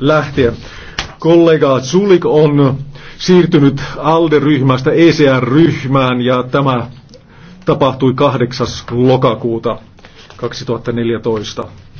lähtien. Kollega Zulik on siirtynyt ALDE-ryhmästä ECR-ryhmään ja tämä tapahtui 8. lokakuuta 2014.